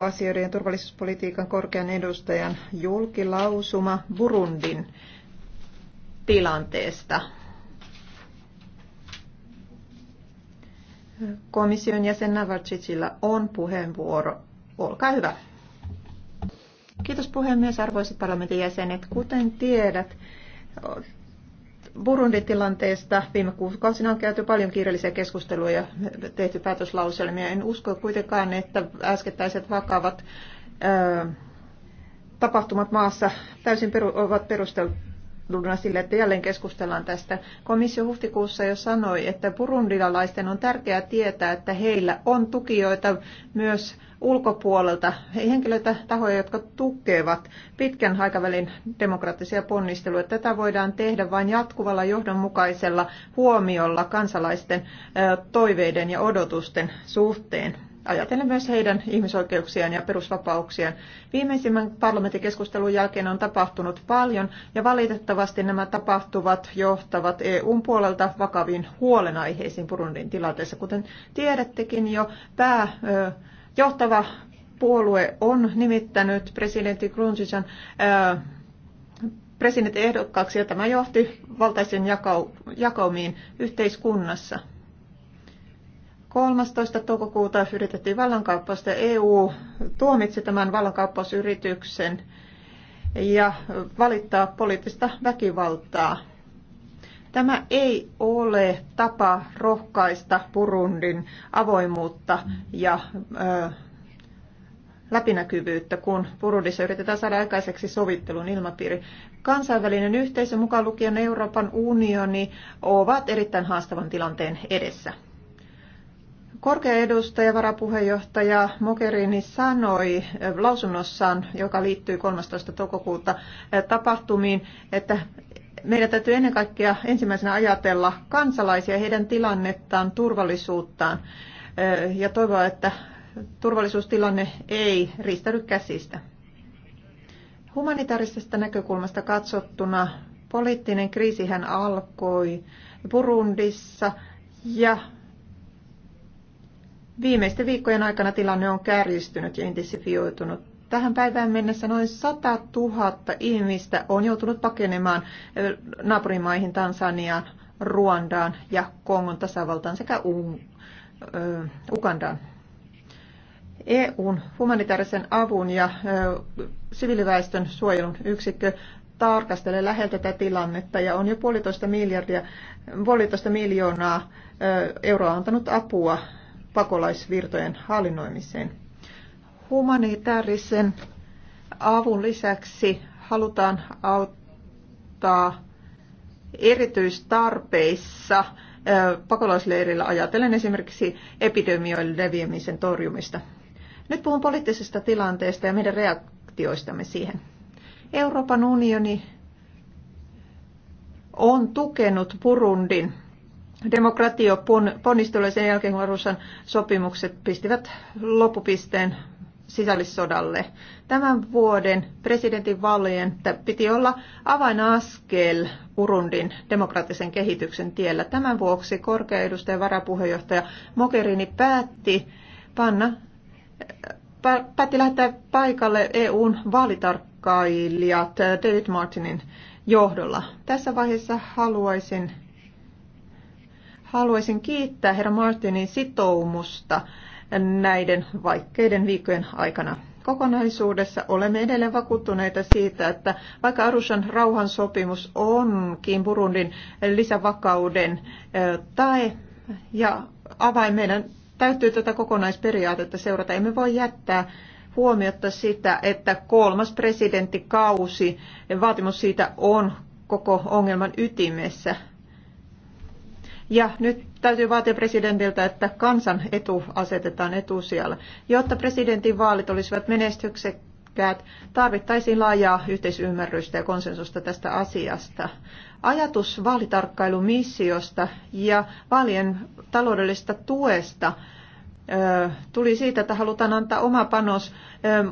asioiden ja turvallisuuspolitiikan korkean edustajan julkilausuma Burundin tilanteesta. Komission jäsen Navarcicilla on puheenvuoro. Olkaa hyvä. Kiitos puhemies, arvoisat parlamentin jäsenet. Kuten tiedät, Burundi-tilanteesta viime kuukausina on käyty paljon kiireellisiä keskusteluja ja tehty päätöslauselmia. En usko kuitenkaan, että äskettäiset vakavat tapahtumat maassa täysin peru, ovat perusteltuja perusteluna sille, että jälleen keskustellaan tästä. Komissio huhtikuussa jo sanoi, että purundilalaisten on tärkeää tietää, että heillä on tukijoita myös ulkopuolelta, henkilöitä, tahoja, jotka tukevat pitkän aikavälin demokraattisia ponnisteluja. Tätä voidaan tehdä vain jatkuvalla johdonmukaisella huomiolla kansalaisten toiveiden ja odotusten suhteen ajatellen myös heidän ihmisoikeuksiaan ja perusvapauksiaan. Viimeisimmän parlamenttikeskustelun jälkeen on tapahtunut paljon ja valitettavasti nämä tapahtuvat johtavat EUn puolelta vakaviin huolenaiheisiin Burundin tilanteessa. Kuten tiedättekin jo, pää, johtava puolue on nimittänyt presidentti Grunzisan presidentin ehdokkaaksi ja tämä johti valtaisen jakaumiin yhteiskunnassa. 13. toukokuuta yritettiin vallankaappausta ja e EU tuomitsi tämän vallankaappausyrityksen ja valittaa poliittista väkivaltaa. Tämä ei ole tapa rohkaista Burundin avoimuutta ja ö, läpinäkyvyyttä, kun Burundissa yritetään saada aikaiseksi sovittelun ilmapiiri. Kansainvälinen yhteisö, mukaan lukien Euroopan unioni, ovat erittäin haastavan tilanteen edessä. Korkea edustaja, varapuheenjohtaja Mogherini sanoi eh, lausunnossaan, joka liittyy 13. toukokuuta eh, tapahtumiin, että meidän täytyy ennen kaikkea ensimmäisenä ajatella kansalaisia, heidän tilannettaan, turvallisuuttaan eh, ja toivoa, että turvallisuustilanne ei riistäydy käsistä. Humanitaarisesta näkökulmasta katsottuna poliittinen kriisihän alkoi Burundissa ja Viimeisten viikkojen aikana tilanne on kärjistynyt ja intensifioitunut. Tähän päivään mennessä noin 100 000 ihmistä on joutunut pakenemaan naapurimaihin Tansaniaan, Ruandaan ja Kongon tasavaltaan sekä U- Ugandaan. EUn humanitaarisen avun ja siviiliväestön suojelun yksikkö tarkastelee läheltä tätä tilannetta ja on jo puolitoista, miljardia, puolitoista miljoonaa euroa antanut apua pakolaisvirtojen hallinnoimiseen. Humanitaarisen avun lisäksi halutaan auttaa erityistarpeissa pakolaisleirillä ajatellen esimerkiksi epidemioiden leviämisen torjumista. Nyt puhun poliittisesta tilanteesta ja meidän reaktioistamme siihen. Euroopan unioni on tukenut Burundin demokratio ponnisteluja sen jälkeen, kun Rusan sopimukset pistivät loppupisteen sisällissodalle. Tämän vuoden presidentin presidentinvaalien piti olla avainaskel Urundin demokraattisen kehityksen tiellä. Tämän vuoksi korkea edustaja varapuheenjohtaja Mogherini päätti panna päätti lähettää paikalle EUn vaalitarkkailijat David Martinin johdolla. Tässä vaiheessa haluaisin Haluaisin kiittää herra Martinin sitoumusta näiden vaikeiden viikkojen aikana. Kokonaisuudessa olemme edelleen vakuuttuneita siitä, että vaikka Arushan rauhansopimus onkin Burundin lisävakauden tae ja avain meidän täytyy tätä kokonaisperiaatetta seurata. Emme voi jättää huomiota sitä, että kolmas presidenttikausi, vaatimus siitä on koko ongelman ytimessä. Ja nyt täytyy vaatia presidentiltä, että kansan etu asetetaan etusijalle. Jotta presidentin vaalit olisivat menestyksekkäät, tarvittaisiin laajaa yhteisymmärrystä ja konsensusta tästä asiasta. Ajatus vaalitarkkailumissiosta ja vaalien taloudellisesta tuesta tuli siitä, että halutaan antaa oma panos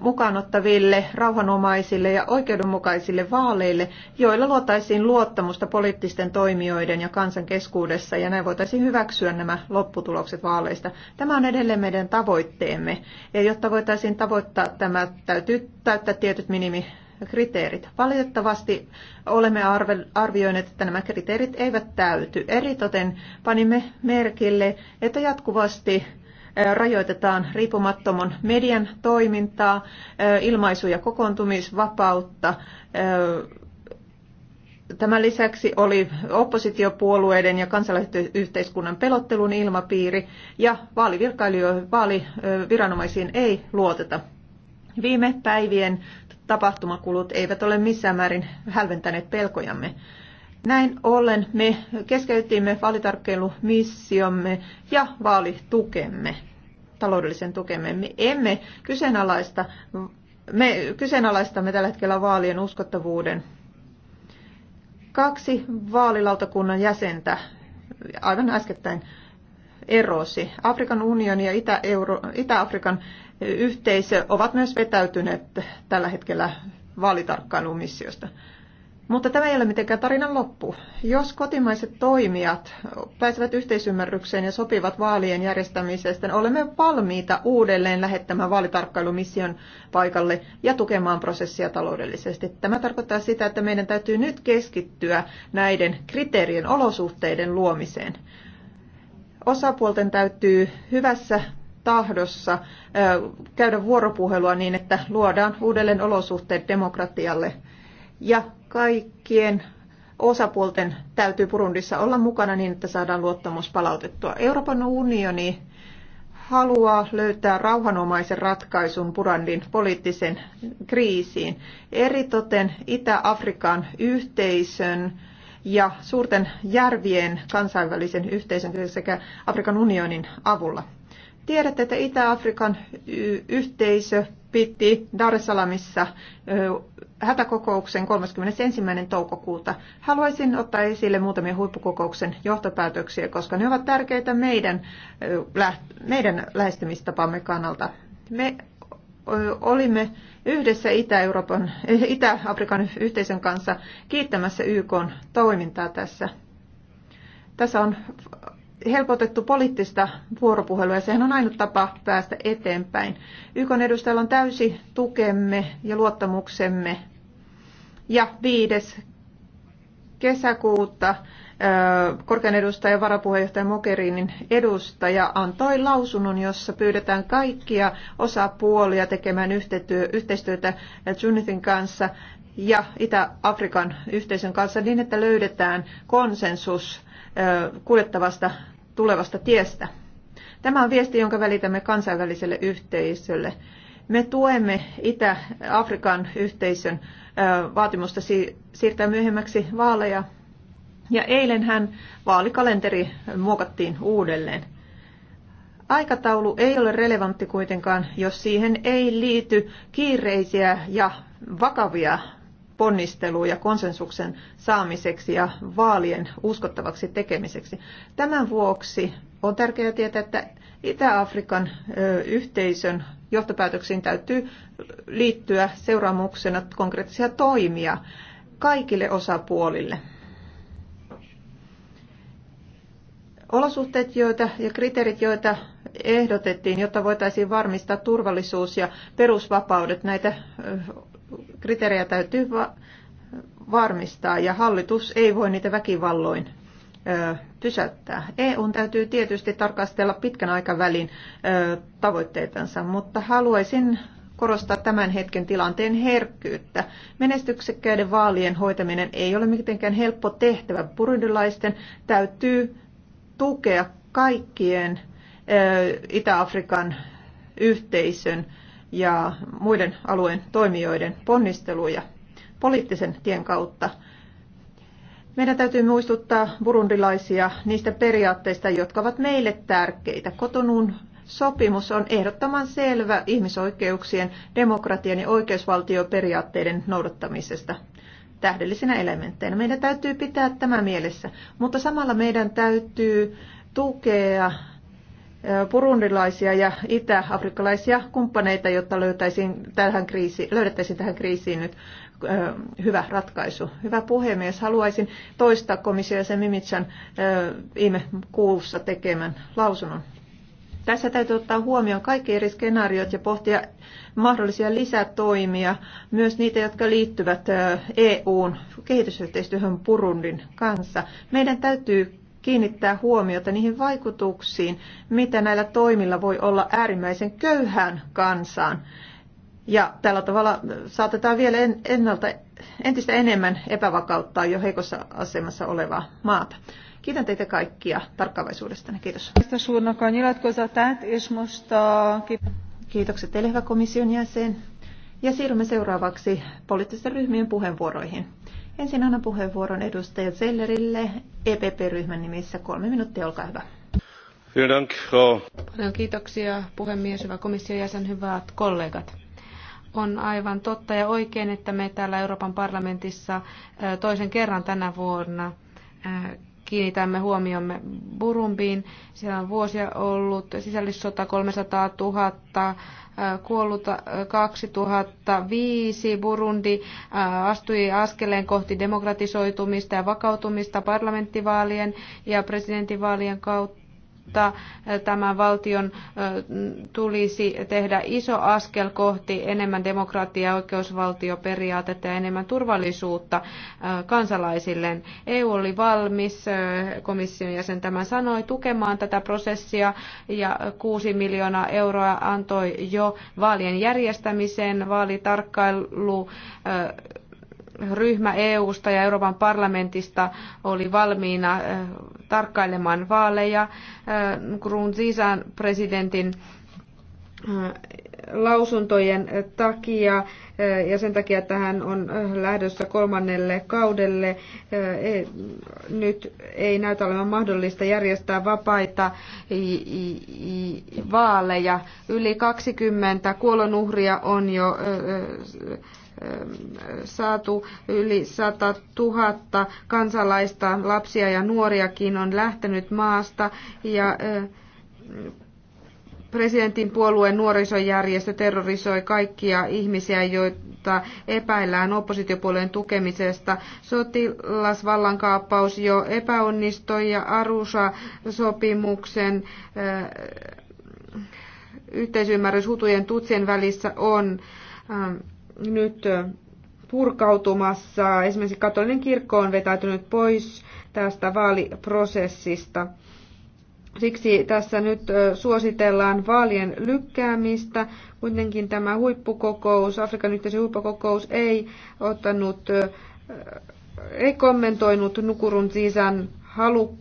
mukaanottaville, rauhanomaisille ja oikeudenmukaisille vaaleille, joilla luotaisiin luottamusta poliittisten toimijoiden ja kansan keskuudessa, ja näin voitaisiin hyväksyä nämä lopputulokset vaaleista. Tämä on edelleen meidän tavoitteemme, ja jotta voitaisiin tavoittaa tämä, täytyy täyttää tietyt minimi kriteerit. Valitettavasti olemme arvioineet, että nämä kriteerit eivät täyty. Eritoten panimme merkille, että jatkuvasti rajoitetaan riippumattoman median toimintaa, ilmaisu- ja kokoontumisvapautta. Tämän lisäksi oli oppositiopuolueiden ja kansalaisyhteiskunnan pelottelun ilmapiiri ja vaaliviranomaisiin ei luoteta. Viime päivien tapahtumakulut eivät ole missään määrin hälventäneet pelkojamme. Näin ollen me keskeytimme vaalitarkkeilumissiomme ja vaalitukemme, taloudellisen tukemme. Me emme kyseenalaista, me kyseenalaistamme tällä hetkellä vaalien uskottavuuden. Kaksi vaalilautakunnan jäsentä aivan äskettäin erosi. Afrikan unioni ja Itä-Afrikan Itä yhteisö ovat myös vetäytyneet tällä hetkellä vaalitarkkailumissiosta. missiosta. Mutta tämä ei ole mitenkään tarinan loppu. Jos kotimaiset toimijat pääsevät yhteisymmärrykseen ja sopivat vaalien järjestämisestä, niin olemme valmiita uudelleen lähettämään vaalitarkkailumission paikalle ja tukemaan prosessia taloudellisesti. Tämä tarkoittaa sitä, että meidän täytyy nyt keskittyä näiden kriteerien olosuhteiden luomiseen. Osapuolten täytyy hyvässä tahdossa käydä vuoropuhelua niin, että luodaan uudelleen olosuhteet demokratialle ja kaikkien osapuolten täytyy Burundissa olla mukana niin, että saadaan luottamus palautettua. Euroopan unioni haluaa löytää rauhanomaisen ratkaisun Burundin poliittisen kriisiin. Eritoten Itä-Afrikan yhteisön ja suurten järvien kansainvälisen yhteisön sekä Afrikan unionin avulla. Tiedätte, että Itä-Afrikan yhteisö piti Dar es Salaamissa hätäkokouksen 31. toukokuuta. Haluaisin ottaa esille muutamia huippukokouksen johtopäätöksiä, koska ne ovat tärkeitä meidän, meidän lähestymistapamme kannalta. Me olimme yhdessä Itä-Euroopan, Itä-Afrikan yhteisön kanssa kiittämässä YK toimintaa tässä. Tässä on helpotettu poliittista vuoropuhelua ja sehän on ainut tapa päästä eteenpäin. YK edustajalla on täysi tukemme ja luottamuksemme ja 5. kesäkuuta korkean edustajan varapuheenjohtaja Mokerinin edustaja antoi lausunnon, jossa pyydetään kaikkia osapuolia tekemään yhteistyötä Junithin kanssa ja Itä-Afrikan yhteisön kanssa niin, että löydetään konsensus kuljettavasta tulevasta tiestä. Tämä on viesti, jonka välitämme kansainväliselle yhteisölle. Me tuemme Itä-Afrikan yhteisön vaatimusta siirtää myöhemmäksi vaaleja. Ja eilen hän vaalikalenteri muokattiin uudelleen. Aikataulu ei ole relevantti kuitenkaan, jos siihen ei liity kiireisiä ja vakavia ponnisteluja konsensuksen saamiseksi ja vaalien uskottavaksi tekemiseksi. Tämän vuoksi on tärkeää tietää, että Itä-Afrikan yhteisön johtopäätöksiin täytyy liittyä seuraamuksena konkreettisia toimia kaikille osapuolille. Olosuhteet joita, ja kriteerit, joita ehdotettiin, jotta voitaisiin varmistaa turvallisuus ja perusvapaudet, näitä kriteerejä täytyy varmistaa ja hallitus ei voi niitä väkivalloin pysäyttää. EUn täytyy tietysti tarkastella pitkän aikavälin tavoitteitansa, mutta haluaisin korostaa tämän hetken tilanteen herkkyyttä. Menestyksekkäiden vaalien hoitaminen ei ole mitenkään helppo tehtävä. Burundilaisten täytyy tukea kaikkien Itä-Afrikan yhteisön ja muiden alueen toimijoiden ponnisteluja poliittisen tien kautta. Meidän täytyy muistuttaa burundilaisia niistä periaatteista, jotka ovat meille tärkeitä. Kotonun sopimus on ehdottoman selvä ihmisoikeuksien, demokratian ja oikeusvaltioperiaatteiden noudattamisesta tähdellisenä elementteinä. Meidän täytyy pitää tämä mielessä, mutta samalla meidän täytyy tukea burundilaisia ja itä-afrikkalaisia kumppaneita, jotta löytäisiin tähän kriisiin, löydettäisiin tähän kriisiin nyt hyvä ratkaisu. Hyvä puhemies, haluaisin toistaa komissio sen Mimitsan viime kuussa tekemän lausunnon. Tässä täytyy ottaa huomioon kaikki eri skenaariot ja pohtia mahdollisia lisätoimia, myös niitä, jotka liittyvät EUn kehitysyhteistyöhön Purundin kanssa. Meidän täytyy kiinnittää huomiota niihin vaikutuksiin, mitä näillä toimilla voi olla äärimmäisen köyhään kansaan. Ja tällä tavalla saatetaan vielä ennalta, entistä enemmän epävakauttaa jo heikossa asemassa olevaa maata. Kiitän teitä kaikkia tarkkaavaisuudesta. Kiitos. Kiitokset teille, hyvä komission jäsen. Ja siirrymme seuraavaksi poliittisten ryhmien puheenvuoroihin. Ensin annan puheenvuoron edustaja Zellerille EPP-ryhmän nimissä. Kolme minuuttia, olkaa hyvä. Paljon kiitoksia puhemies, hyvä komission jäsen, hyvät kollegat. On aivan totta ja oikein, että me täällä Euroopan parlamentissa toisen kerran tänä vuonna kiinnitämme huomiomme Burumbiin. Siellä on vuosia ollut sisällissota 300 000, kuollut 2005. Burundi astui askeleen kohti demokratisoitumista ja vakautumista parlamenttivaalien ja presidentinvaalien kautta jotta eh, tämän valtion eh, tulisi tehdä iso askel kohti enemmän demokratiaa oikeusvaltioperiaatetta ja enemmän turvallisuutta eh, kansalaisilleen. EU oli valmis, komission jäsen tämän sanoi, tukemaan tätä prosessia ja 6 miljoonaa euroa antoi jo vaalien järjestämiseen, vaalitarkkailu ryhmä EUsta ja Euroopan parlamentista oli valmiina eh, tarkkailemaan vaaleja. Grunzisan eh, presidentin eh, lausuntojen takia ja sen takia, että hän on lähdössä kolmannelle kaudelle. E, nyt ei näytä olevan mahdollista järjestää vapaita vaaleja. Yli 20 kuolonuhria on jo Ähm, saatu yli 100 000 kansalaista, lapsia ja nuoriakin on lähtenyt maasta ja äh, presidentin puolueen nuorisojärjestö terrorisoi kaikkia ihmisiä, joita epäillään oppositiopuolueen tukemisesta. Sotilasvallankaappaus jo epäonnistui ja Arusa-sopimuksen äh, yhteisymmärrys hutujen tutsien välissä on ähm, nyt purkautumassa. Esimerkiksi katolinen kirkko on vetäytynyt pois tästä vaaliprosessista. Siksi tässä nyt suositellaan vaalien lykkäämistä. Kuitenkin tämä huippukokous, Afrikan yhteisen huippukokous, ei ottanut, ei kommentoinut Nukurun sisän halua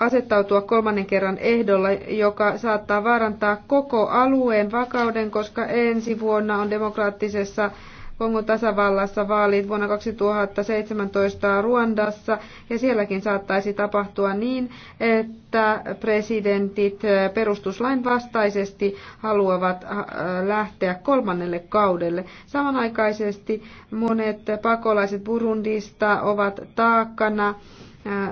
asettautua kolmannen kerran ehdolla, joka saattaa vaarantaa koko alueen vakauden, koska ensi vuonna on demokraattisessa Kongon tasavallassa vaalit vuonna 2017 Ruandassa, ja sielläkin saattaisi tapahtua niin, että presidentit perustuslain vastaisesti haluavat lähteä kolmannelle kaudelle. Samanaikaisesti monet pakolaiset Burundista ovat taakkana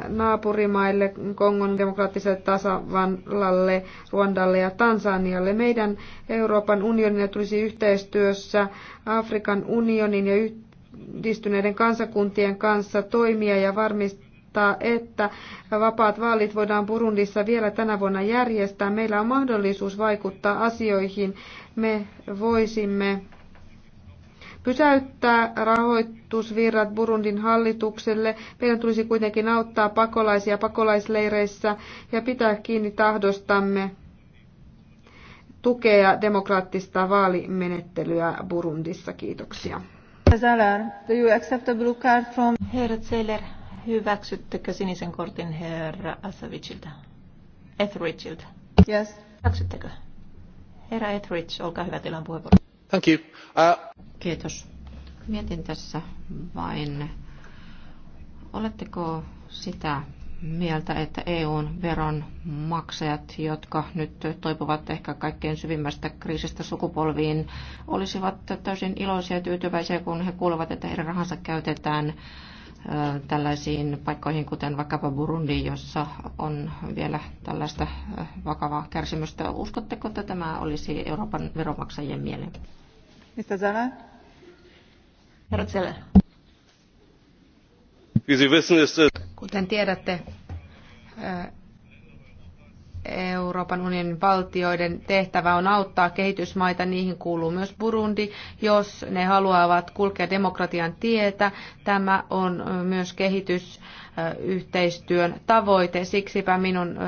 naapurimaille, Kongon demokraattiselle tasavallalle, Ruandalle ja Tansanialle. Meidän Euroopan unionina tulisi yhteistyössä Afrikan unionin ja yhdistyneiden kansakuntien kanssa toimia ja varmistaa, että vapaat vaalit voidaan Burundissa vielä tänä vuonna järjestää. Meillä on mahdollisuus vaikuttaa asioihin. Me voisimme pysäyttää rahoitusvirrat Burundin hallitukselle. Meidän tulisi kuitenkin auttaa pakolaisia pakolaisleireissä ja pitää kiinni tahdostamme tukea demokraattista vaalimenettelyä Burundissa. Kiitoksia. Zeller, do you accept the blue card from... Herra Zeller, hyväksyttekö sinisen kortin herra Asavichilta? Etheridgeiltä? Yes. Hyväksyttekö? Herra Etheridge, olkaa hyvä, teillä on puheenvuoro. Uh, Kiitos. Mietin tässä vain, oletteko sitä mieltä, että EUn veronmaksajat, jotka nyt toipuvat ehkä kaikkein syvimmästä kriisistä sukupolviin, olisivat täysin iloisia ja tyytyväisiä, kun he kuulevat, että heidän rahansa käytetään tällaisiin paikkoihin, kuten vaikkapa Burundi, jossa on vielä tällaista vakavaa kärsimystä. Uskotteko, että tämä olisi Euroopan veronmaksajien mieleen? Mistä Zana? Herra Kuten tiedätte, Euroopan unionin valtioiden tehtävä on auttaa kehitysmaita, niihin kuuluu myös Burundi, jos ne haluavat kulkea demokratian tietä. Tämä on myös kehitysyhteistyön tavoite. Siksipä minun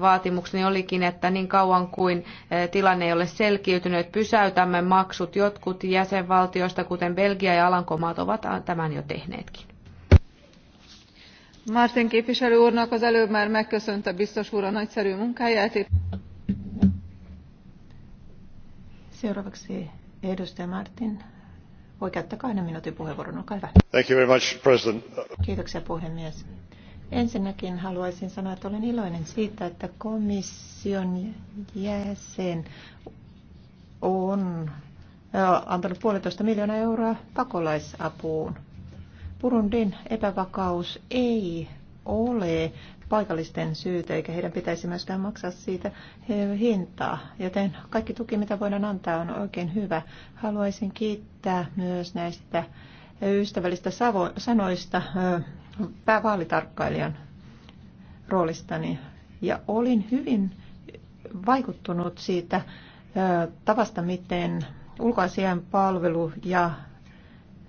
vaatimukseni olikin, että niin kauan kuin tilanne ei ole selkiytynyt, pysäytämme maksut. Jotkut jäsenvaltioista, kuten Belgia ja Alankomaat, ovat tämän jo tehneetkin. Martin képviselő úrnak az előbb már megköszönte biztos úr a nagyszerű munkáját. Seuraavaksi edustaja Martin. kahden minuutin Thank you very much, President. Kiitoksia puhemies. Ensinnäkin haluaisin sanoa, että olen iloinen siitä, että komission jäsen on antanut puolitoista miljoonaa euroa pakolaisapuun Burundin epävakaus ei ole paikallisten syytä, eikä heidän pitäisi myöskään maksaa siitä hintaa. Joten kaikki tuki, mitä voidaan antaa, on oikein hyvä. Haluaisin kiittää myös näistä ystävällistä sanoista päävaalitarkkailijan roolistani. Ja olin hyvin vaikuttunut siitä tavasta, miten ulkoasian palvelu ja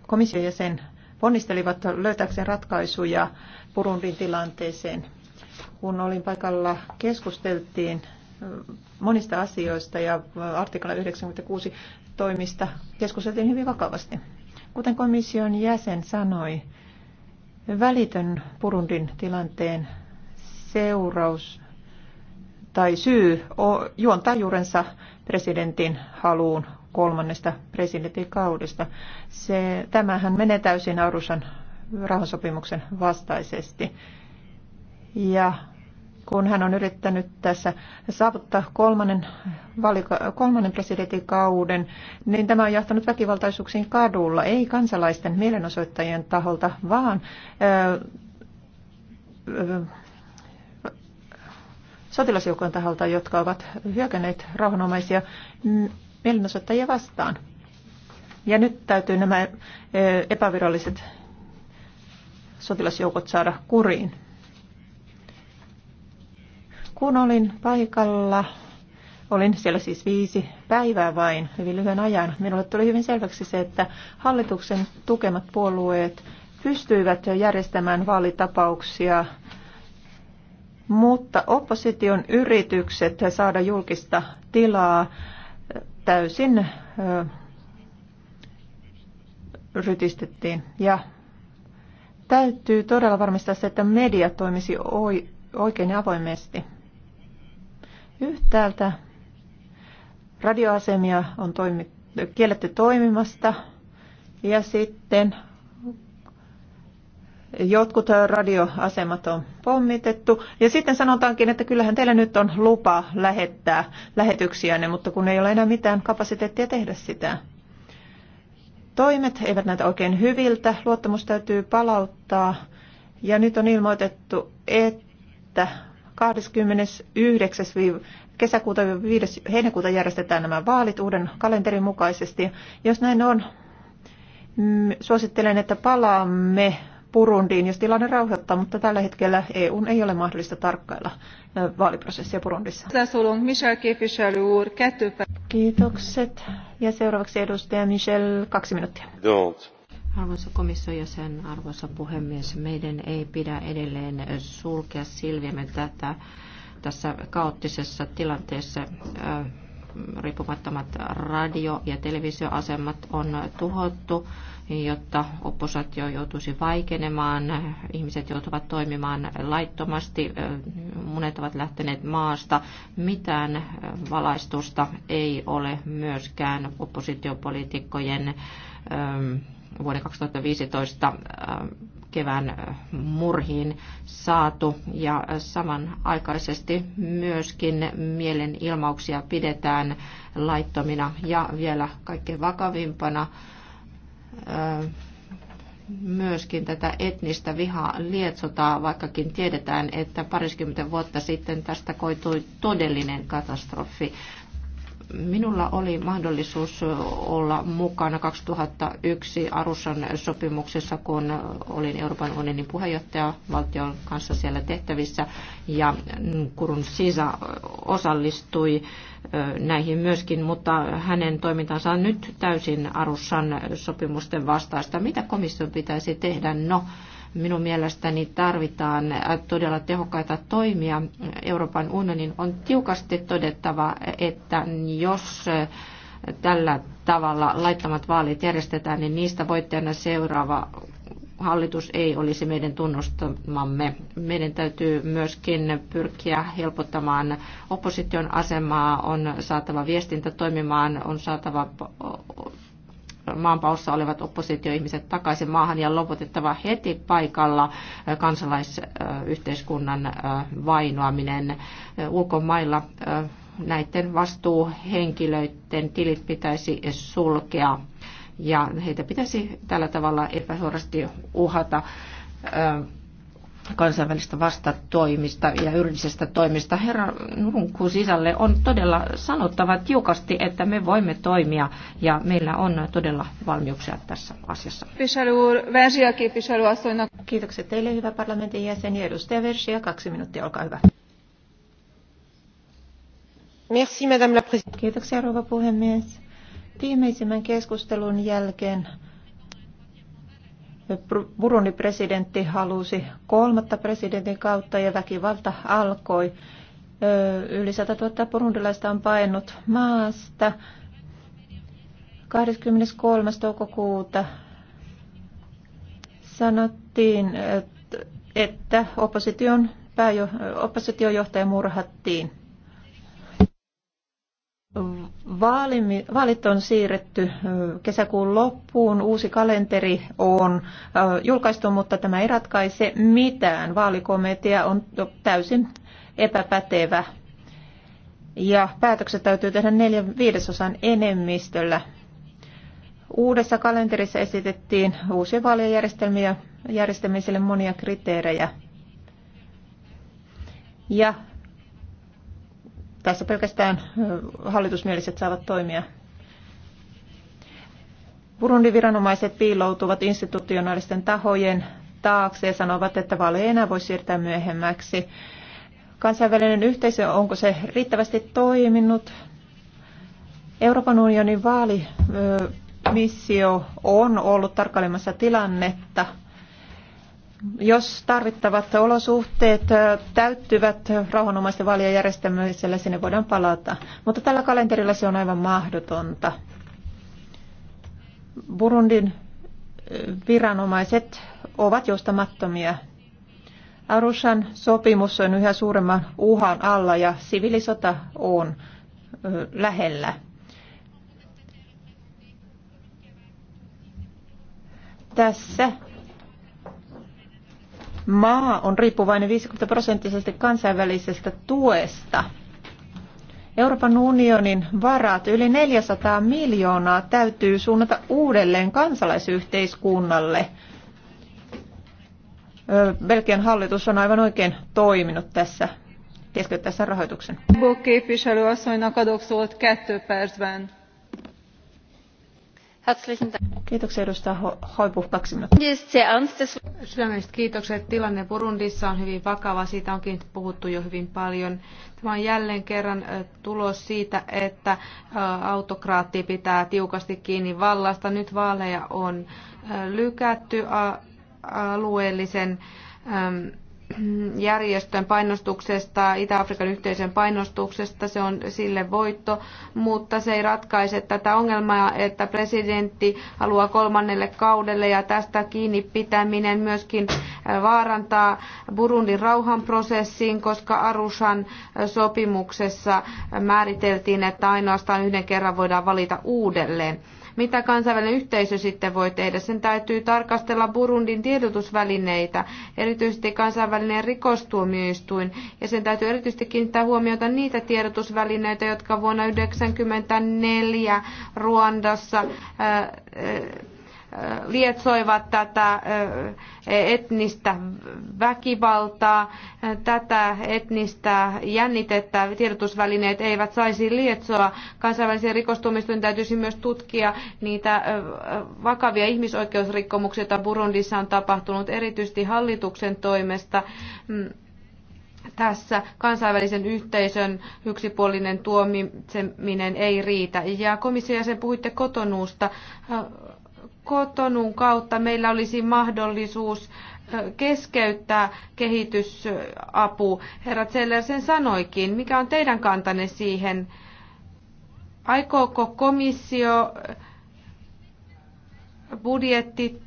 komission jäsen ponnistelivat löytääkseen ratkaisuja Purundin tilanteeseen. Kun olin paikalla, keskusteltiin monista asioista ja artikla 96 toimista keskusteltiin hyvin vakavasti. Kuten komission jäsen sanoi, välitön Purundin tilanteen seuraus tai syy juontaa juurensa presidentin haluun kolmannesta presidentin kaudesta. Se, tämähän menee täysin Arusan rahasopimuksen vastaisesti. Ja kun hän on yrittänyt tässä saavuttaa kolmannen, valika, kolmannen presidentin kauden, niin tämä on johtanut väkivaltaisuuksiin kadulla, ei kansalaisten mielenosoittajien taholta, vaan ö, ö, sotilasjoukkojen taholta, jotka ovat hyökänneet rauhanomaisia mielenosoittajia vastaan. Ja nyt täytyy nämä epäviralliset sotilasjoukot saada kuriin. Kun olin paikalla, olin siellä siis viisi päivää vain, hyvin lyhyen ajan, minulle tuli hyvin selväksi se, että hallituksen tukemat puolueet pystyivät järjestämään vaalitapauksia, mutta opposition yritykset saada julkista tilaa täysin rytistettiin. Ja täytyy todella varmistaa se, että media toimisi oikein ja avoimesti. Yhtäältä radioasemia on toimi, kielletty toimimasta ja sitten jotkut radioasemat on pommitettu. Ja sitten sanotaankin, että kyllähän teillä nyt on lupa lähettää lähetyksiänne, mutta kun ei ole enää mitään kapasiteettia tehdä sitä. Toimet eivät näitä oikein hyviltä, luottamus täytyy palauttaa. Ja nyt on ilmoitettu, että 29. kesäkuuta 5. heinäkuuta järjestetään nämä vaalit uuden kalenterin mukaisesti. Jos näin on, mm, suosittelen, että palaamme Burundiin, jos tilanne rauhoittaa, mutta tällä hetkellä EU ei ole mahdollista tarkkailla äh, vaaliprosessia Burundissa. Kiitokset. Ja seuraavaksi edustaja Michel, kaksi minuuttia. Don't. Arvoisa komission jäsen, arvoisa puhemies, meidän ei pidä edelleen sulkea silmiämme tätä tässä kaoottisessa tilanteessa äh, riippumattomat radio- ja televisioasemat on tuhottu, jotta oppositio joutuisi vaikenemaan. Ihmiset joutuvat toimimaan laittomasti, monet ovat lähteneet maasta. Mitään valaistusta ei ole myöskään oppositiopoliitikkojen ähm, vuoden 2015 kevään murhiin saatu ja samanaikaisesti myöskin mielenilmauksia pidetään laittomina ja vielä kaikkein vakavimpana myöskin tätä etnistä vihaa lietsotaan, vaikkakin tiedetään, että pariskymmentä vuotta sitten tästä koitui todellinen katastrofi. Minulla oli mahdollisuus olla mukana 2001 Arusan sopimuksessa, kun olin Euroopan unionin puheenjohtaja valtion kanssa siellä tehtävissä. Ja Kurun Sisa osallistui näihin myöskin, mutta hänen toimintansa on nyt täysin Arussan sopimusten vastaista. Mitä komission pitäisi tehdä? No, Minun mielestäni tarvitaan äh, todella tehokkaita toimia. Euroopan unionin on tiukasti todettava, että jos äh, tällä tavalla laittomat vaalit järjestetään, niin niistä voittajana seuraava hallitus ei olisi meidän tunnustamamme. Meidän täytyy myöskin pyrkiä helpottamaan opposition asemaa, on saatava viestintä toimimaan, on saatava maanpaossa olevat oppositioihmiset takaisin maahan ja lopetettava heti paikalla kansalaisyhteiskunnan vainoaminen ulkomailla näiden vastuuhenkilöiden tilit pitäisi sulkea ja heitä pitäisi tällä tavalla epäsuorasti uhata kansainvälistä vastatoimista ja yrityksestä toimista. Herra Nurunku sisälle on todella sanottava tiukasti, että me voimme toimia ja meillä on todella valmiuksia tässä asiassa. Kiitokset teille, hyvä parlamentin jäsen ja edustaja Versia. Kaksi minuuttia, olkaa hyvä. Merci, madame la Kiitoksia, rouva puhemies. Viimeisimmän keskustelun jälkeen Burundi presidentti halusi kolmatta presidentin kautta ja väkivalta alkoi. Yli 100 000 burundilaista on paennut maasta. 23. toukokuuta sanottiin, että opposition pääjo- oppositiojohtaja murhattiin. Vaalit on siirretty kesäkuun loppuun. Uusi kalenteri on julkaistu, mutta tämä ei ratkaise mitään. Vaalikomitea on täysin epäpätevä. Ja päätökset täytyy tehdä neljän viidesosan enemmistöllä. Uudessa kalenterissa esitettiin uusia vaalijärjestelmiä järjestämiselle monia kriteerejä. Ja tässä pelkästään hallitusmieliset saavat toimia. Burundin viranomaiset piiloutuvat institutionaalisten tahojen taakse ja sanovat, että vaaleja enää voi siirtää myöhemmäksi. Kansainvälinen yhteisö, onko se riittävästi toiminut? Euroopan unionin vaalimissio on ollut tarkkailemassa tilannetta – jos tarvittavat olosuhteet täyttyvät rauhanomaisten vaalien järjestämisellä, sinne voidaan palata. Mutta tällä kalenterilla se on aivan mahdotonta. Burundin viranomaiset ovat joustamattomia. Arushan sopimus on yhä suuremman uhan alla ja sivilisota on lähellä. Tässä maa on riippuvainen 50 prosenttisesti kansainvälisestä tuesta. Euroopan unionin varat, yli 400 miljoonaa, täytyy suunnata uudelleen kansalaisyhteiskunnalle. Belgian hallitus on aivan oikein toiminut tässä keskeyttäessä rahoituksen. Bok asszonynak adok szót kettő percben. Kiitoksia edustaja Hoipu, kaksi minuuttia. Sydämelliset kiitokset. Tilanne Burundissa on hyvin vakava, siitä onkin puhuttu jo hyvin paljon. Tämä on jälleen kerran tulos siitä, että autokraatti pitää tiukasti kiinni vallasta. Nyt vaaleja on lykätty alueellisen järjestön painostuksesta, Itä-Afrikan yhteisön painostuksesta, se on sille voitto, mutta se ei ratkaise tätä ongelmaa, että presidentti haluaa kolmannelle kaudelle ja tästä kiinni pitäminen myöskin vaarantaa Burundin rauhanprosessin, koska Arushan sopimuksessa määriteltiin, että ainoastaan yhden kerran voidaan valita uudelleen. Mitä kansainvälinen yhteisö sitten voi tehdä? Sen täytyy tarkastella Burundin tiedotusvälineitä, erityisesti kansainvälinen rikostuomioistuin, ja sen täytyy erityisesti kiinnittää huomiota niitä tiedotusvälineitä, jotka vuonna 1994 Ruandassa lietsoivat tätä etnistä väkivaltaa, tätä etnistä jännitettä tiedotusvälineet eivät saisi lietsoa. Kansainvälisen rikostuomioistuin täytyisi myös tutkia niitä vakavia ihmisoikeusrikkomuksia, joita Burundissa on tapahtunut, erityisesti hallituksen toimesta mm, tässä kansainvälisen yhteisön yksipuolinen tuomitseminen ei riitä. Ja komission jäsen puhuitte kotonuusta kotonun kautta meillä olisi mahdollisuus keskeyttää kehitysapu. Herra Zeller sen sanoikin. Mikä on teidän kantanne siihen? Aikooko komissio budjetti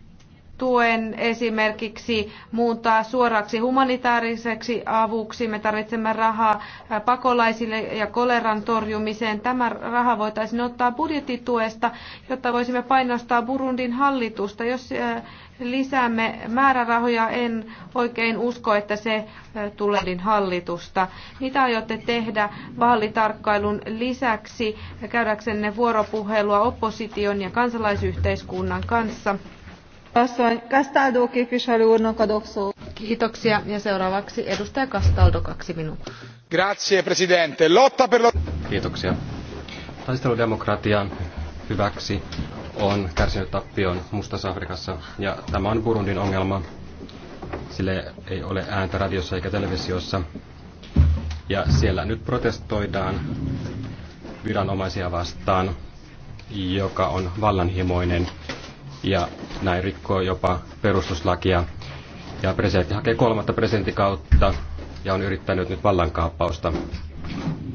tuen esimerkiksi muuntaa suoraksi humanitaariseksi avuksi. Me tarvitsemme rahaa pakolaisille ja koleran torjumiseen. Tämä raha voitaisiin ottaa budjettituesta, jotta voisimme painostaa Burundin hallitusta. Jos lisäämme määrärahoja, en oikein usko, että se tulee hallitusta. Mitä aiotte tehdä vaalitarkkailun lisäksi käydäksenne vuoropuhelua opposition ja kansalaisyhteiskunnan kanssa? asszony edustaja presidente. Kiitoksia. Taistelu demokratian hyväksi on kärsinyt tappion Mustassa Afrikassa ja tämä on Burundin ongelma. Sille ei ole ääntä radiossa eikä televisiossa. Ja siellä nyt protestoidaan viranomaisia vastaan, joka on vallanhimoinen ja näin rikkoo jopa perustuslakia. Ja presidentti hakee kolmatta presidenttikautta ja on yrittänyt nyt vallankaappausta.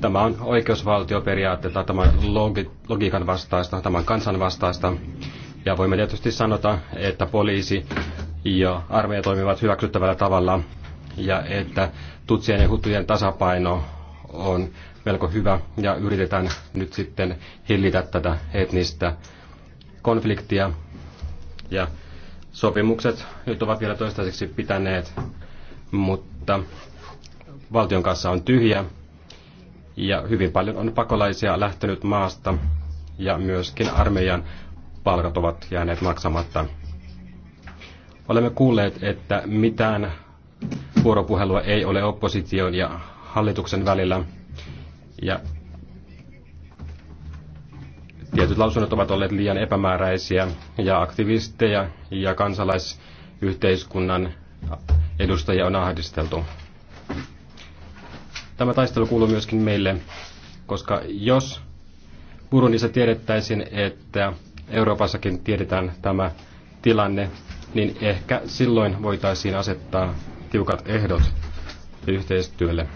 Tämä on oikeusvaltioperiaatteita, tämä on logiikan vastaista, tämä on kansan vastaista. Ja voimme tietysti sanota, että poliisi ja armeija toimivat hyväksyttävällä tavalla ja että tutsien ja hutujen tasapaino on melko hyvä ja yritetään nyt sitten hillitä tätä etnistä konfliktia ja sopimukset nyt ovat vielä toistaiseksi pitäneet, mutta valtion kanssa on tyhjä ja hyvin paljon on pakolaisia lähtenyt maasta ja myöskin armeijan palkat ovat jääneet maksamatta. Olemme kuulleet, että mitään vuoropuhelua ei ole opposition ja hallituksen välillä ja Tietyt lausunnot ovat olleet liian epämääräisiä ja aktivisteja ja kansalaisyhteiskunnan edustajia on ahdisteltu. Tämä taistelu kuuluu myöskin meille, koska jos Burundissa tiedettäisiin, että Euroopassakin tiedetään tämä tilanne, niin ehkä silloin voitaisiin asettaa tiukat ehdot yhteistyölle.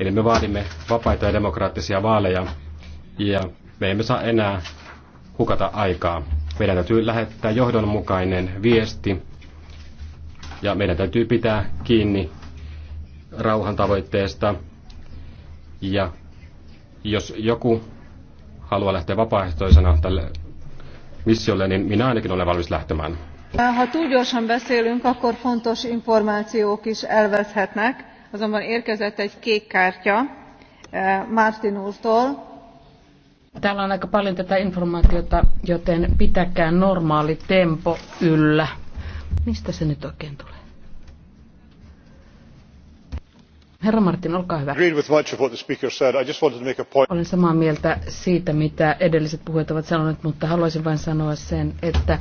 Eli me vaadimme vapaita ja demokraattisia vaaleja, ja me emme saa enää hukata aikaa. Meidän täytyy lähettää johdonmukainen viesti ja meidän täytyy pitää kiinni rauhan tavoitteesta. Ja jos joku haluaa lähteä vapaaehtoisena tälle missiolle, niin minä ainakin olen valmis lähtemään. Ha túl gyorsan beszélünk, akkor fontos információk is elveszhetnek. Azonban érkezett egy kék kártya eh, Martin úrtól Täällä on aika paljon tätä informaatiota, joten pitäkää normaali tempo yllä. Mistä se nyt oikein tulee? Herra Martin, olkaa hyvä. Olen samaa mieltä siitä, mitä edelliset puhujat ovat sanoneet, mutta haluaisin vain sanoa sen, että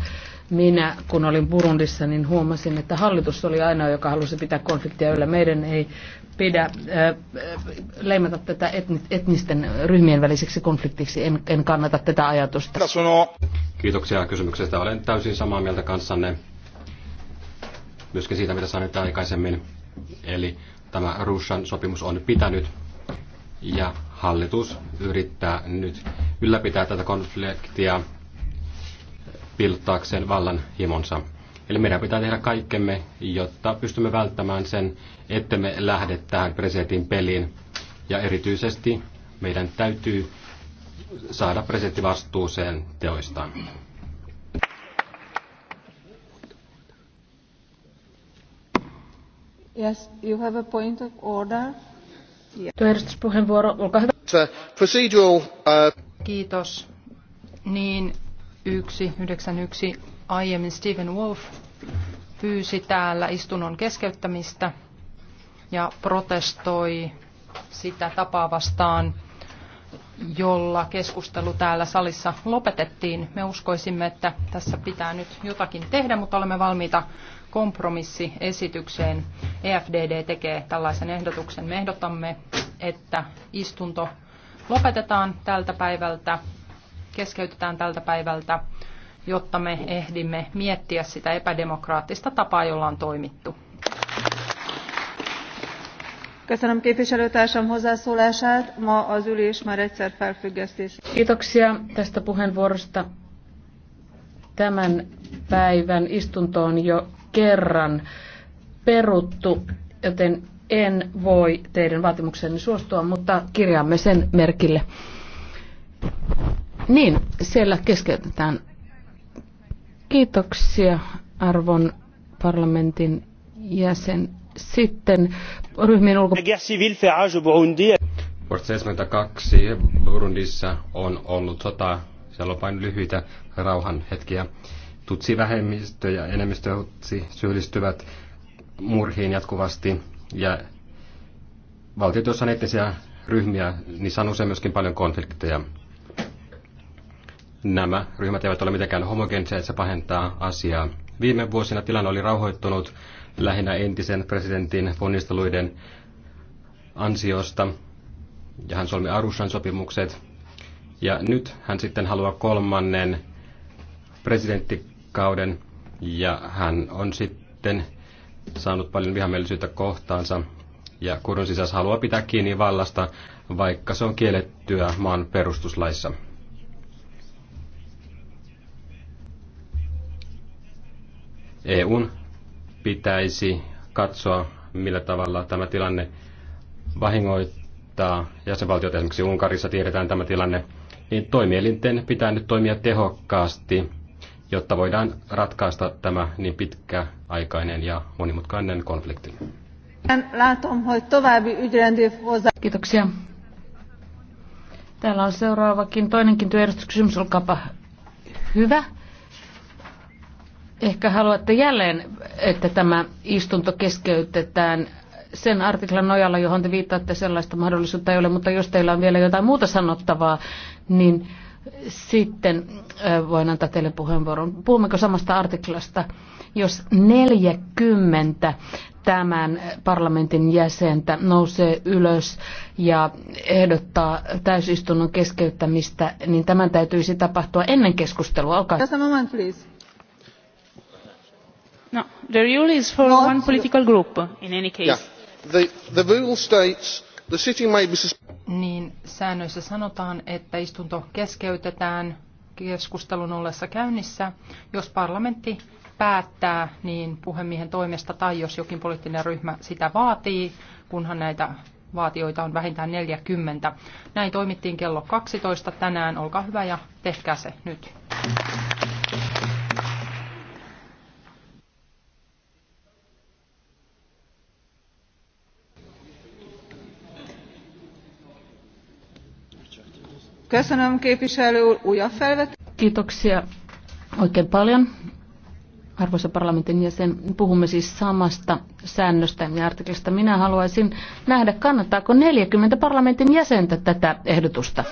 minä, kun olin Burundissa, niin huomasin, että hallitus oli ainoa, joka halusi pitää konfliktia yllä. Meidän ei pidä äh, leimata tätä etnisten ryhmien väliseksi konfliktiksi. En, en kannata tätä ajatusta. Kiitoksia kysymyksestä. Olen täysin samaa mieltä kanssanne myöskin siitä, mitä sanoit aikaisemmin. Eli tämä Rushan sopimus on pitänyt ja hallitus yrittää nyt ylläpitää tätä konfliktia pilttaakseen himonsa. Eli meidän pitää tehdä kaikkemme, jotta pystymme välttämään sen, ettemme lähde tähän presidentin peliin. Ja erityisesti meidän täytyy saada presidentti vastuuseen teoistaan. Yes, you have a point of order. Yeah. Procedural, uh... Kiitos. Niin 191 aiemmin Stephen Wolf pyysi täällä istunnon keskeyttämistä ja protestoi sitä tapaa vastaan, jolla keskustelu täällä salissa lopetettiin. Me uskoisimme, että tässä pitää nyt jotakin tehdä, mutta olemme valmiita kompromissiesitykseen. EFDD tekee tällaisen ehdotuksen. Me ehdotamme, että istunto lopetetaan tältä päivältä keskeytetään tältä päivältä, jotta me ehdimme miettiä sitä epädemokraattista tapaa, jolla on toimittu. Köszönöm képviselőtársam hozzászólását. Ma az ülés már egyszer felfüggesztés. Kiitoksia tästä puheenvuorosta. Tämän päivän istunto on jo kerran peruttu, joten en voi teidän vaatimuksenne suostua, mutta kirjaamme sen merkille. Niin, siellä keskeytetään. Kiitoksia arvon parlamentin jäsen. Sitten ryhmien ulkopuolella. Vuodesta 72 Burundissa on ollut sota. Siellä on vain lyhyitä rauhan hetkiä. Tutsi vähemmistö ja enemmistö syyllistyvät murhiin jatkuvasti ja valtiot, joissa on etnisiä ryhmiä, niin sanoo se myöskin paljon konflikteja. Nämä ryhmät eivät ole mitenkään homogeenisia, että se pahentaa asiaa. Viime vuosina tilanne oli rauhoittunut lähinnä entisen presidentin ponnisteluiden ansiosta, ja hän solmi Arushan sopimukset. Ja nyt hän sitten haluaa kolmannen presidenttikauden, ja hän on sitten saanut paljon vihamielisyyttä kohtaansa. Ja Kurun sisässä haluaa pitää kiinni vallasta, vaikka se on kiellettyä maan perustuslaissa. EUn pitäisi katsoa, millä tavalla tämä tilanne vahingoittaa jäsenvaltiot. Esimerkiksi Unkarissa tiedetään tämä tilanne. Niin toimielinten pitää nyt toimia tehokkaasti, jotta voidaan ratkaista tämä niin pitkäaikainen ja monimutkainen konflikti. Kiitoksia. Täällä on seuraavakin toinenkin työjärjestyskysymys. Olkaapa hyvä. Ehkä haluatte jälleen, että tämä istunto keskeytetään sen artiklan nojalla, johon te viittaatte, sellaista mahdollisuutta ei ole, mutta jos teillä on vielä jotain muuta sanottavaa, niin sitten voin antaa teille puheenvuoron. Puhummeko samasta artiklasta? Jos 40 tämän parlamentin jäsentä nousee ylös ja ehdottaa täysistunnon keskeyttämistä, niin tämän täytyisi tapahtua ennen keskustelua. Olkaa. Just a moment, please. No, the rule is for one political group in any case. Yeah. The, the rule states the may be niin säännöissä sanotaan, että istunto keskeytetään keskustelun ollessa käynnissä, jos parlamentti päättää niin puhemiehen toimesta tai jos jokin poliittinen ryhmä sitä vaatii, kunhan näitä vaatioita on vähintään 40. Näin toimittiin kello 12 tänään. Olkaa hyvä ja tehkää se nyt. Kiitoksia oikein paljon. Arvoisa parlamentin jäsen, puhumme siis samasta säännöstä ja artiklista. Minä haluaisin nähdä, kannattaako 40 parlamentin jäsentä tätä ehdotusta.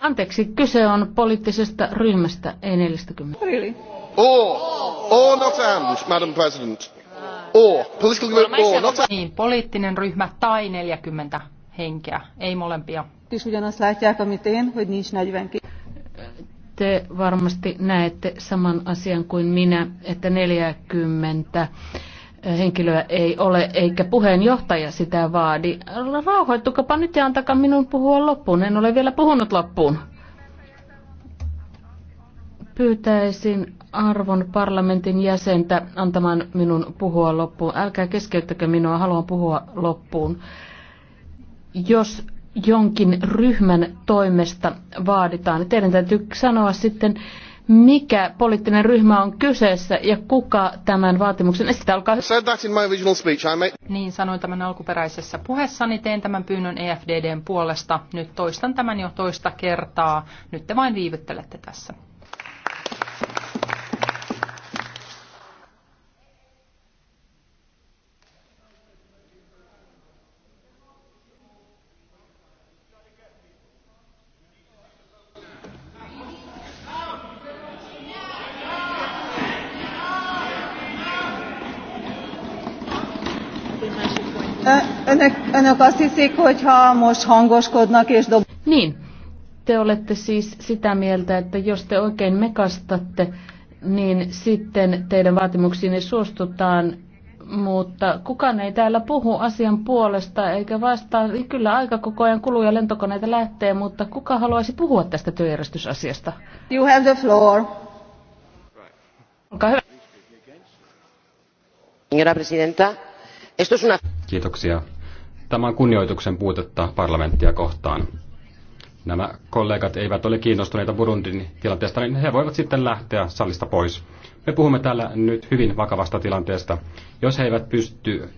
Anteeksi, kyse on poliittisesta ryhmästä, ei 40. Really? All, all not and, Madam President or, political group or, not Niin, poliittinen ryhmä tai 40 henkeä, ei molempia. Te varmasti näette saman asian kuin minä, että 40 henkilöä ei ole, eikä puheenjohtaja sitä vaadi. Rauhoittukapa nyt ja antakaa minun puhua loppuun. En ole vielä puhunut loppuun. Pyytäisin arvon parlamentin jäsentä antamaan minun puhua loppuun. Älkää keskeyttäkö minua, haluan puhua loppuun. Jos jonkin ryhmän toimesta vaaditaan, niin teidän täytyy sanoa sitten, mikä poliittinen ryhmä on kyseessä ja kuka tämän vaatimuksen esittää. Olkaa hyvä. Niin sanoin tämän alkuperäisessä puheessani, teen tämän pyynnön EFDDn puolesta. Nyt toistan tämän jo toista kertaa. Nyt te vain viivyttelette tässä. Önök azt hiszik, hogy ha most hangoskodnak és dob... Niin, te olette siis sitä mieltä, että jos te oikein mekastatte, niin sitten teidän vaatimuksiinne suostutaan, mutta kukaan ei täällä puhu asian puolesta eikä vastaa. Kyllä aika koko ajan kuluja ja lentokoneita lähtee, mutta kuka haluaisi puhua tästä työjärjestysasiasta? You have the floor. Olkaa hyvä. Kiitoksia. Tämä on kunnioituksen puutetta parlamenttia kohtaan nämä kollegat eivät ole kiinnostuneita Burundin tilanteesta, niin he voivat sitten lähteä salista pois. Me puhumme täällä nyt hyvin vakavasta tilanteesta. Jos he eivät pysty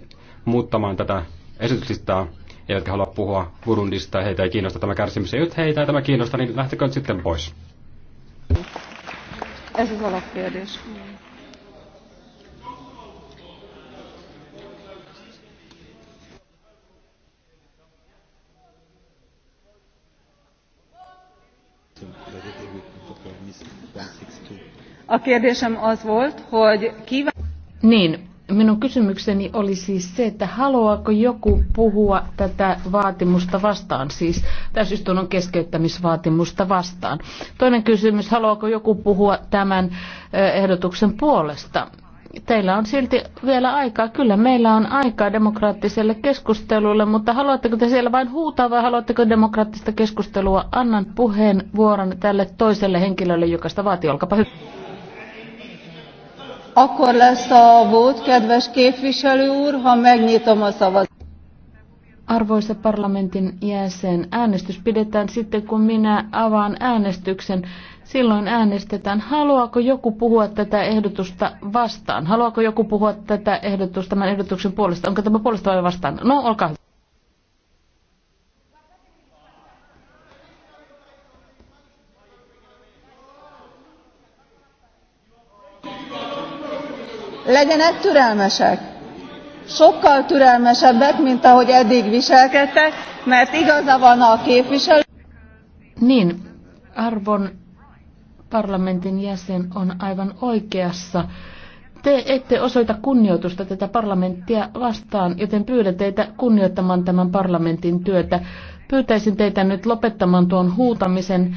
muuttamaan tätä esityslistaa, eivätkä halua puhua Burundista, heitä ei kiinnosta tämä kärsimys. Ja nyt heitä ei tämä kiinnosta, niin nyt sitten pois. Eso es A kérdésem az volt, hogy kíván... Niin, minun kysymykseni oli siis se, että haluaako joku puhua tätä vaatimusta vastaan, siis täysistunnon keskeyttämisvaatimusta vastaan. Toinen kysymys, haluaako joku puhua tämän ehdotuksen puolesta? Teillä on silti vielä aikaa. Kyllä meillä on aikaa demokraattiselle keskustelulle, mutta haluatteko te siellä vain huutaa vai haluatteko demokraattista keskustelua? Annan puheenvuoron tälle toiselle henkilölle, joka sitä vaatii. Olkapa hyvä. Akkor lesz a vót, kedves képviselő úr, ha megnyitom a szavazást. Arvoisa parlamentin jäsen, äänestys pidetään sitten, kun minä avaan äänestyksen. Silloin äänestetään, haluaako joku puhua tätä ehdotusta vastaan? Haluaako joku puhua tätä ehdotusta, tämän ehdotuksen puolesta? Onko tämä puolesta vai vastaan? No, olkaa hyvä. legyenek türelmesek sokkal türelmesebbek mint ahogy eddig viselkedtek mert igaza van a képviselő. Niin, Arbon parlamentin jäsen on aivan oikeassa. Te ette osoita kunnioitusta tätä parlamenttia vastaan, joten pyydän teitä kunnioittamaan tämän parlamentin työtä. Pyytäisin teitä nyt lopettamaan tuon huutamisen,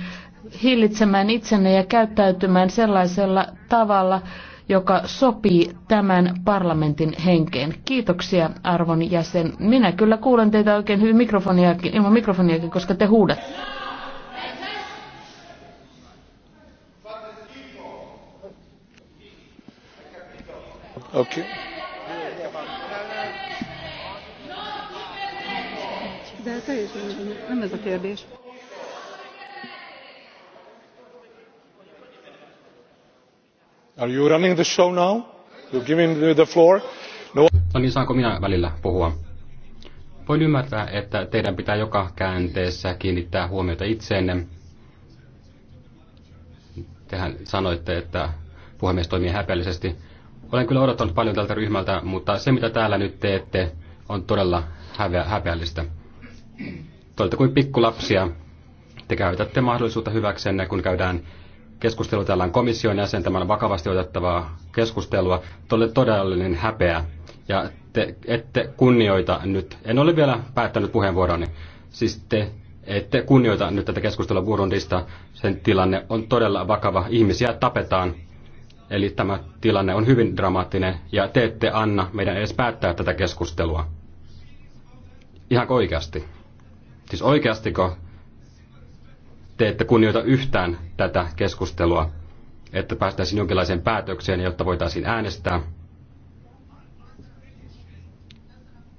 hillitsemään itsenne ja käyttäytymään sellaisella tavalla, joka sopii tämän parlamentin henkeen. Kiitoksia arvon jäsen. Minä kyllä kuulen teitä oikein hyvin mikrofoniakin, ilman mikrofoniakin, koska te huudat. Okay. No, ez teljesen nem ez a kérdés. Are you running the show now? You're giving the floor? No. no niin, saanko minä välillä puhua? Voin ymmärtää, että teidän pitää joka käänteessä kiinnittää huomiota itseenne. Tehän sanoitte, että puhemies toimii häpeällisesti. Olen kyllä odottanut paljon tältä ryhmältä, mutta se mitä täällä nyt teette on todella häpeä, häpeällistä. Te olette kuin pikkulapsia. Te käytätte mahdollisuutta hyväksenne, kun käydään keskustelu täällä on komission jäsen, tämä on vakavasti otettavaa keskustelua, tuolle todellinen häpeä. Ja te ette kunnioita nyt, en ole vielä päättänyt puheenvuoroni, siis te ette kunnioita nyt tätä keskustelua Burundista, sen tilanne on todella vakava, ihmisiä tapetaan. Eli tämä tilanne on hyvin dramaattinen ja te ette anna meidän edes päättää tätä keskustelua. Ihan oikeasti? Siis oikeastiko te ette kunnioita yhtään tätä keskustelua, että päästäisiin jonkinlaiseen päätökseen, jotta voitaisiin äänestää.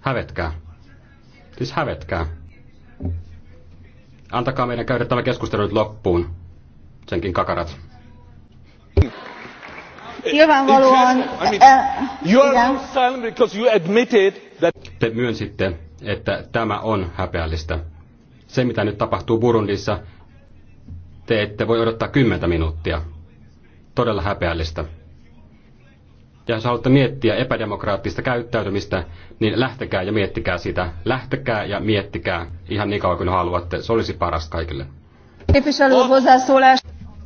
Hävetkää. Siis hävetkää. Antakaa meidän käydä tämä keskustelu nyt loppuun. Senkin kakarat. Te myönsitte, että tämä on häpeällistä. Se, mitä nyt tapahtuu Burundissa, te ette voi odottaa kymmentä minuuttia. Todella häpeällistä. Ja jos haluatte miettiä epädemokraattista käyttäytymistä, niin lähtekää ja miettikää sitä. Lähtekää ja miettikää ihan niin kauan kuin haluatte. Se olisi paras kaikille.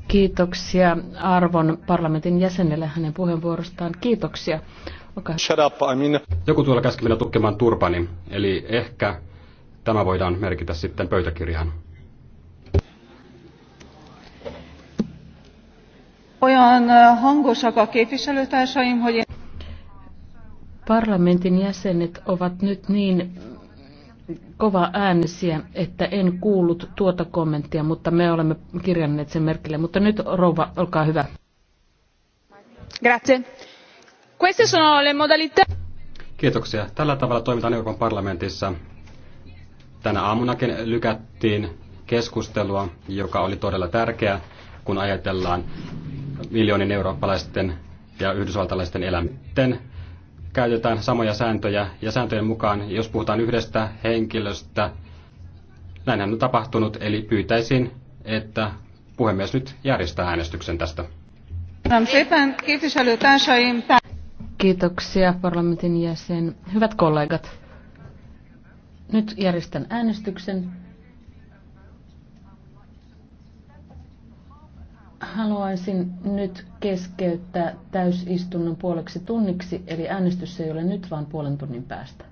Kiitoksia arvon parlamentin jäsenelle hänen puheenvuorostaan. Kiitoksia. Okay. Shut up, I mean... Joku tuolla käski minä tukemaan turpani, eli ehkä tämä voidaan merkitä sitten pöytäkirjaan. Olyan hangosak a képviselőtársaim, hogy... Parlamentin jäsenet ovat nyt niin kova äänisiä, että en kuullut tuota kommenttia, mutta me olemme kirjanneet sen merkille. Mutta nyt rouva, olkaa hyvä. Grazie. Queste sono le modalità... Kiitoksia. Tällä tavalla toimitaan Euroopan parlamentissa. Tänä aamunakin lykättiin keskustelua, joka oli todella tärkeä, kun ajatellaan miljoonin eurooppalaisten ja yhdysvaltalaisten elämiten käytetään samoja sääntöjä ja sääntöjen mukaan, jos puhutaan yhdestä henkilöstä, näinhän on tapahtunut, eli pyytäisin, että puhemies nyt järjestää äänestyksen tästä. Kiitoksia parlamentin jäsen. Hyvät kollegat, nyt järjestän äänestyksen. Haluaisin nyt keskeyttää täysistunnon puoleksi tunniksi, eli äänestys ei ole nyt, vaan puolen tunnin päästä.